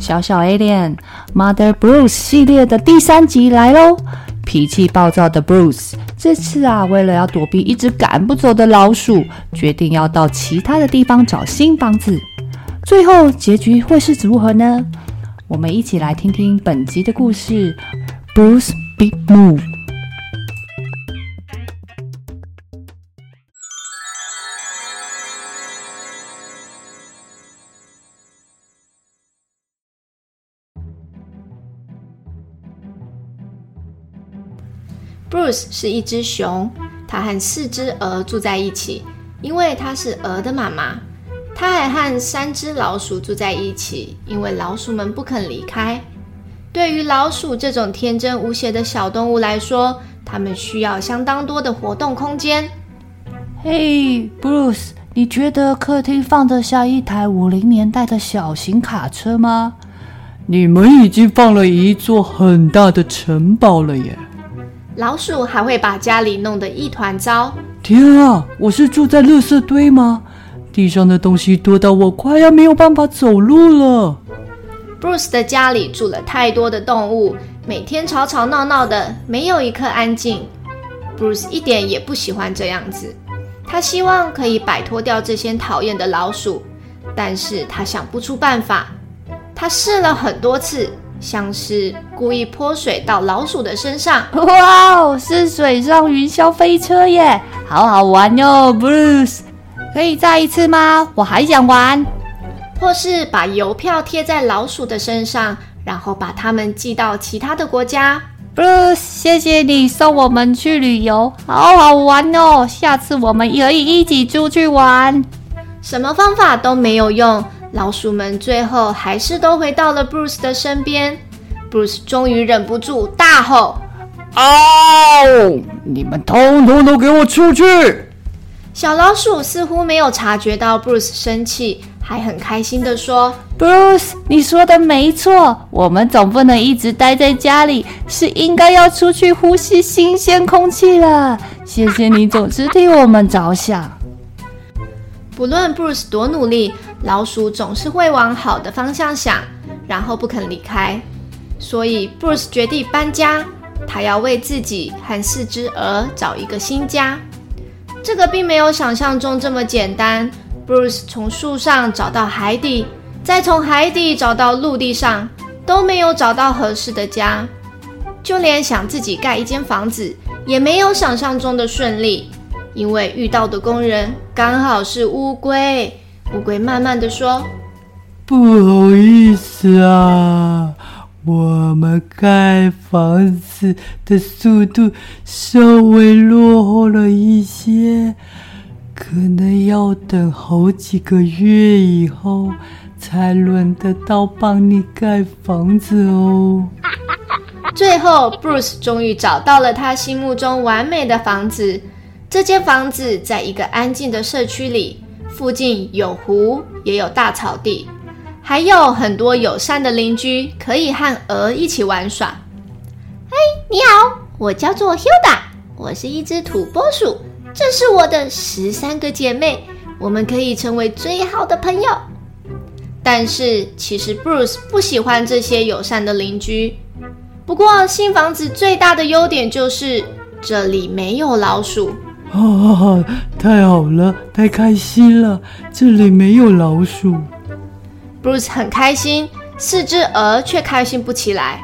小小 Alien Mother Bruce 系列的第三集來嘍！脾氣暴躁的 Bruce 這次啊，為了要躲避一直趕不走的老鼠，決定要到其他的地方找新房子。最後結局會是如何呢？我們一起來聽聽本集的故事。Bruce Big Move。Bruce 是一隻熊，他和四隻鵝住在一起，因為他是鵝的媽媽。他還和三隻老鼠住在一起，因為老鼠們不肯離開。對於老鼠這種天真無邪的小動物來說，它們需要相當多的活動空間。嘿，Bruce，你覺得客廳放得下一台五零年代的小型卡車嗎？你們已經放了一座很大的城堡了耶！老鼠還會把家裡弄得一團糟。天啊，我是住在垃圾堆嗎？地上的東西多到我快要沒有辦法走路了。Bruce 的家裡住了太多的動物，每天吵吵鬧鬧的，沒有一刻安靜。Bruce 一點也不喜歡這樣子，他希望可以擺脫掉這些討厭的老鼠，但是他想不出辦法。他試了很多次。像是故意潑水到老鼠的身上，哇哦，是水上雲霄飛車耶，好好玩哦，Bruce！可以再一次嗎？我還想玩。或是把郵票貼在老鼠的身上，然後把它們寄到其他的國家。Bruce，謝謝你送我們去旅遊，好好玩哦，下次我們可以一起出去玩。什麼方法都沒有用。老鼠們最後還是都回到了 Bruce 的身邊。Bruce 終於忍不住大吼：“嗷，你們通通都給我出去！”小老鼠似乎沒有察覺到 Bruce 生氣，還很開心地說：“Bruce，你說的沒錯，我們總不能一直待在家裡，是應該要出去呼吸新鮮空氣了。謝謝你總是替我們着想。”不論布魯斯多努力，老鼠總是會往好的方向想，然後不肯離開。所以布魯斯決定搬家，他要為自己和四隻鵝找一個新家。這個並沒有想象中這麼簡單，布魯斯從樹上找到海底，再從海底找到陸地上，都沒有找到合適的家。就連想自己蓋一間房子，也沒有想象中的順利。因為遇到的工人剛好是烏龜，烏龜慢慢的說：“不好意思啊，我們蓋房子的速度稍微落後了一些，可能要等好幾個月以後才輪得到幫你蓋房子哦。”最後，Bruce 終於找到了他心目中完美的房子。這間房子在一個安靜的社區裡，附近有湖，也有大草地，還有很多友善的鄰居可以和鵝一起玩耍。嘿，你好，我叫做 Hilda，我是一隻土撥鼠，這是我的十三個姐妹，我們可以成為最好的朋友。但是其實 Bruce 不喜歡這些友善的鄰居。不過新房子最大的優點就是這裡沒有老鼠。哈哈哈！太好了，太開心了！這裡沒有老鼠。Bruce 很開心，四只鵝卻開心不起來。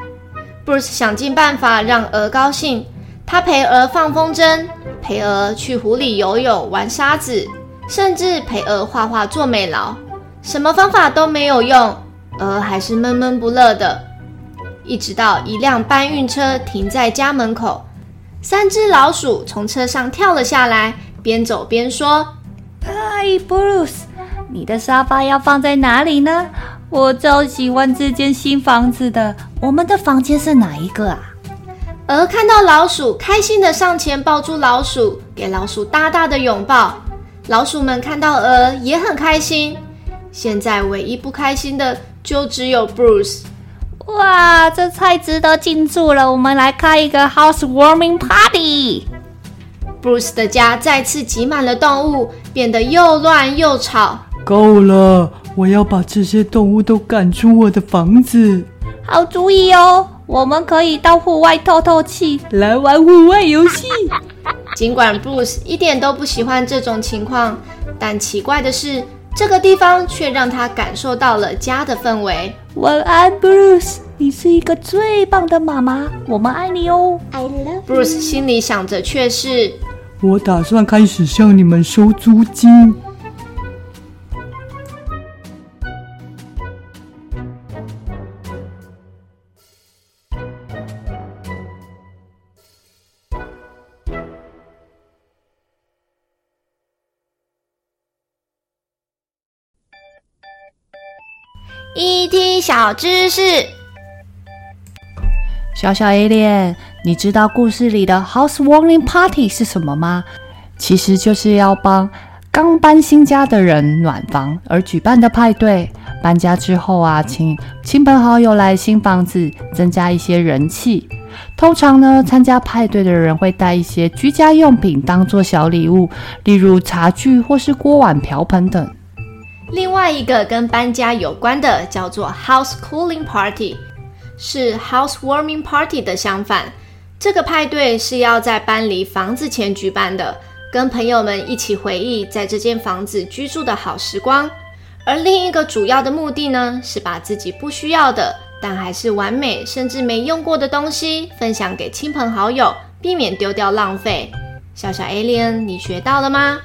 Bruce 想盡辦法讓鵝高興，他陪鵝放風箏，陪鵝去湖裡游泳、玩沙子，甚至陪鵝畫畫、做美勞，什麼方法都沒有用，鵝還是悶悶不樂的。一直到一輛搬運車停在家門口。三隻老鼠從車上跳了下來，邊走邊說：“嗨，Bruce，你的沙發要放在哪裡呢？我超喜歡這間新房子的。我們的房間是哪一個啊？”鵝看到老鼠，開心的上前抱住老鼠，給老鼠大大的擁抱。老鼠們看到鵝也很開心。現在唯一不開心的就只有 Bruce。哇，這菜汁都進駐了！我們來開一個 housewarming party。Bruce 的家再次擠滿了動物，變得又亂又吵。夠了，我要把這些動物都趕出我的房子。好主意哦，我們可以到戶外透透氣，來玩戶外遊戲。 儘管 Bruce 一點都不喜歡這種情況，但奇怪的是。這個地方卻讓他感受到了家的氛圍。晚安，Bruce，你是一個最棒的媽媽，我們愛你哦。I love you。Bruce 心裡想着卻是，我打算開始向你們收租金。一聽小知識，小小 Alien，你知道故事裡的 Housewarming Party 是什麼嗎？其實就是要幫剛搬新家的人暖房而舉辦的派對。搬家之後啊，請親朋好友來新房子，增加一些人氣。通常呢，參加派對的人會帶一些居家用品當做小禮物，例如茶具或是鍋碗瓢盆等。另外一個跟搬家有關的叫做 House Cooling Party，是 House Warming Party 的相反。這個派對是要在搬離房子前舉辦的，跟朋友們一起回憶在這間房子居住的好時光。而另一個主要的目的呢，是把自己不需要的，但還是完美甚至沒用過的東西分享給親朋好友，避免丟掉浪費。小小 Alien，你學到了嗎？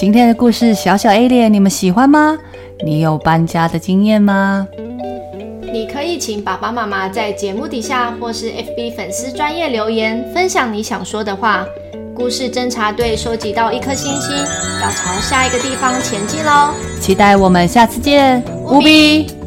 今天的故事小小 Alien，你們喜歡嗎？你有搬家的經驗嗎？你可以請爸爸媽媽在節目底下或是 FB 粉絲專頁留言，分享你想說的話。故事偵查隊收集到一顆星星，要朝下一個地方前進嘍！期待我們下次見，烏比。